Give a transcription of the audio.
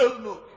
ölmüyor.